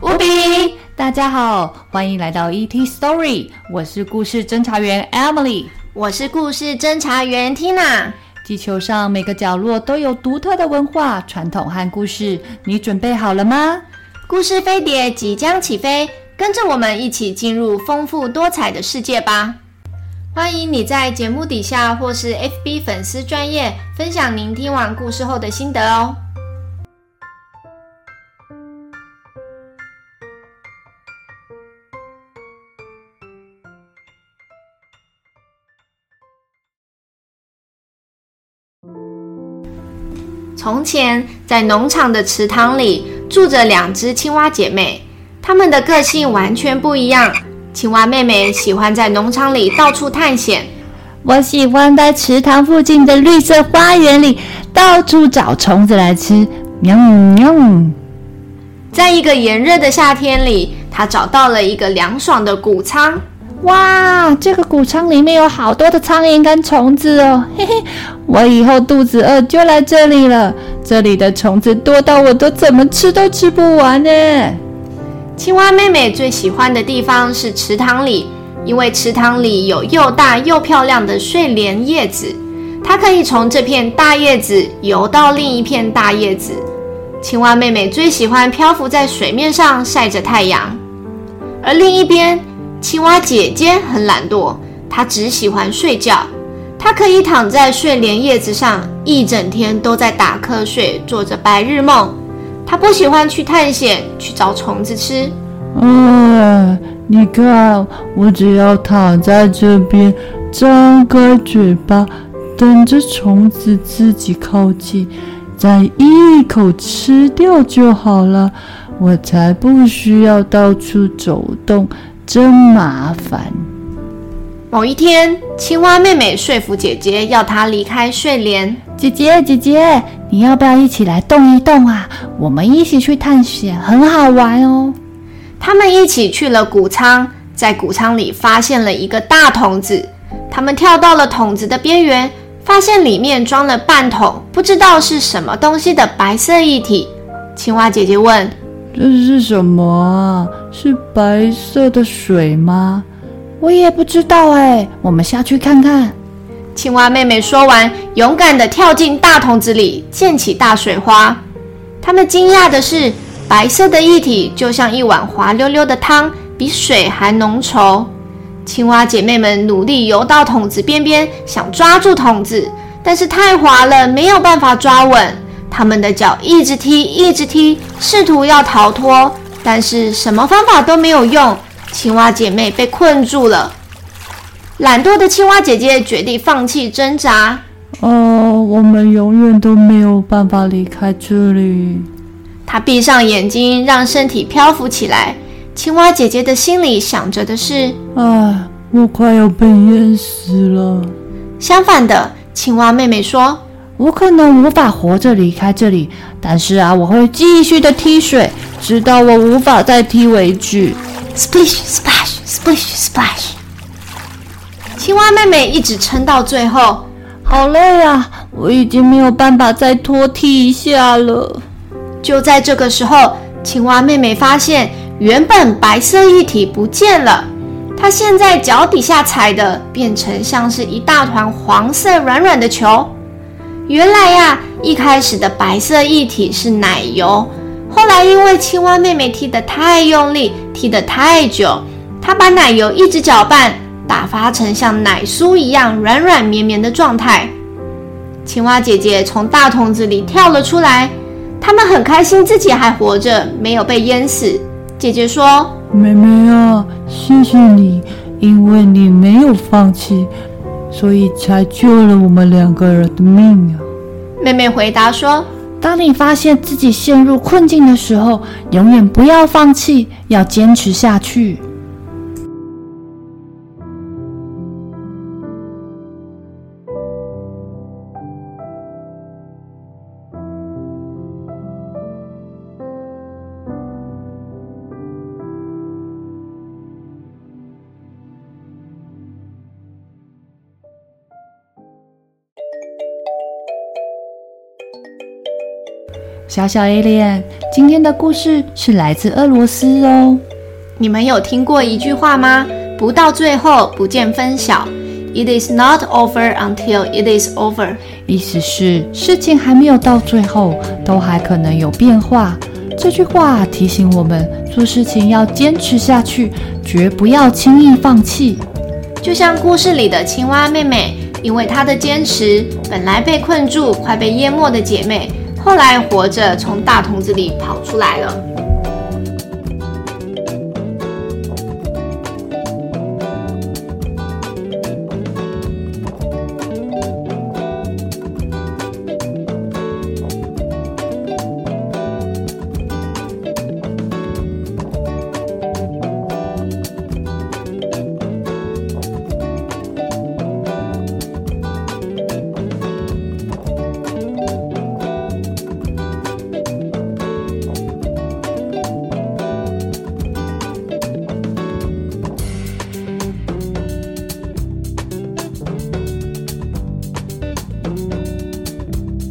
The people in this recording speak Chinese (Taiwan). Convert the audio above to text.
無比，大家好，歡迎來到 E T Story，我是故事偵查員 Emily，我是故事偵查員 Tina。地球上每個角落都有獨特的文化、傳統和故事，你準備好了嗎？故事飛碟即將起飛，跟着我們一起進入豐富多彩的世界吧！歡迎你在節目底下或是 F B 粉絲專頁分享您聽完故事後的心得哦。從前，在農場的池塘裡住着兩隻青蛙姐妹，她們的個性完全不一樣。青蛙妹妹喜歡在農場裡到處探險，我喜歡在池塘附近的綠色花園裡到處找蟲子來吃。喵喵，在一個炎熱的夏天裡，她找到了一個涼爽的谷倉。哇，這個穀倉裡面有好多的蒼蠅跟蟲子哦，嘿嘿，我以後肚子餓就來這裡了。這裡的蟲子多到我都怎麼吃都吃不完呢。青蛙妹妹最喜歡的地方是池塘裡，因為池塘裡有又大又漂亮的睡蓮葉子，它可以從這片大葉子游到另一片大葉子。青蛙妹妹最喜歡漂浮在水面上曬着太陽，而另一邊，青蛙姐姐很懶惰，她只喜歡睡覺。她可以躺在睡蓮葉子上，一整天都在打瞌睡，做着白日夢。她不喜歡去探險，去找蟲子吃。啊、嗯，你看，我只要躺在這邊，張開嘴巴，等着蟲子自己靠近，再一口吃掉就好了。我才不需要到處走動。真麻煩。某一天，青蛙妹妹說服姐姐要她離開睡蓮。姐姐，姐姐，你要不要一起來動一動啊？我們一起去探險，很好玩哦。他們一起去了谷倉，在谷倉裡發現了一個大桶子。他們跳到了桶子的邊緣，發現裡面裝了半桶不知道是什麼東西的白色液體。青蛙姐姐問：“這是什麼啊？”是白色的水嗎？我也不知道哎、欸，我們下去看看。青蛙妹妹說完，勇敢地跳進大桶子裡，濺起大水花。他們驚訝的是，白色的液體就像一碗滑溜溜的湯，比水還濃稠。青蛙姐妹們努力游到桶子邊邊，想抓住桶子，但是太滑了，沒有辦法抓穩。他們的腳一直踢，一直踢，試圖要逃脫。但是什麼方法都沒有用，青蛙姐妹被困住了。懶惰的青蛙姐姐決定放棄掙扎。哦，我們永遠都沒有辦法離開這裡。她閉上眼睛，讓身體漂浮起來。青蛙姐姐的心裡想着的是：啊，我快要被淹死了。相反的，青蛙妹妹說：“我可能無法活着離開這裡，但是啊，我會繼續的踢水。”直到我無法再踢為止。Splish, splash, splish, splash。青蛙妹妹一直撐到最後，好累啊！我已經沒有辦法再拖踢一下了。就在這個時候，青蛙妹妹發現原本白色液體不見了，她現在腳底下踩的變成像是一大團黃色軟軟的球。原來呀，一開始的白色液體是奶油。後來，因為青蛙妹妹踢得太用力、踢得太久，她把奶油一直攪拌，打發成像奶酥一樣軟軟綿綿的狀態。青蛙姐姐從大桶子裡跳了出來，她們很開心自己還活着，沒有被淹死。姐姐說：「妹妹啊，謝謝你，因為你沒有放棄，所以才救了我們兩個人的命啊。」妹妹回答說：當你發現自己陷入困境的時候，永遠不要放棄，要堅持下去。小小 Alien，今天的故事是來自俄羅斯哦。你們有聽過一句話嗎？不到最後，不見分曉。It is not over until it is over。意思是事情還沒有到最後，都還可能有變化。這句話提醒我們，做事情要堅持下去，絕不要輕易放棄。就像故事裡的青蛙妹妹，因為她的堅持，本來被困住、快被淹沒的姐妹，後來，活着從大桶子裡跑出來了。